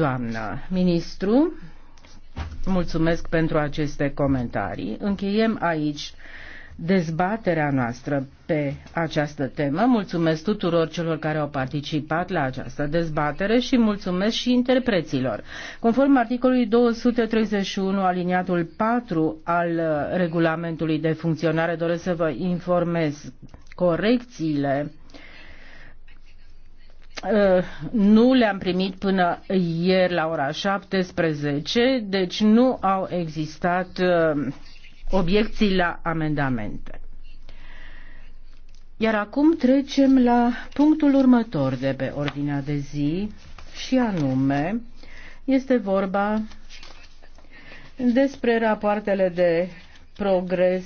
Doamnă ministru, mulțumesc pentru aceste comentarii. Încheiem aici dezbaterea noastră pe această temă. Mulțumesc tuturor celor care au participat la această dezbatere și mulțumesc și interpreților. Conform articolului 231 aliniatul 4 al regulamentului de funcționare, doresc să vă informez corecțiile Uh, nu le-am primit până ieri la ora 17, deci nu au existat uh, obiecții la amendamente. Iar acum trecem la punctul următor de pe ordinea de zi și anume este vorba despre rapoartele de progres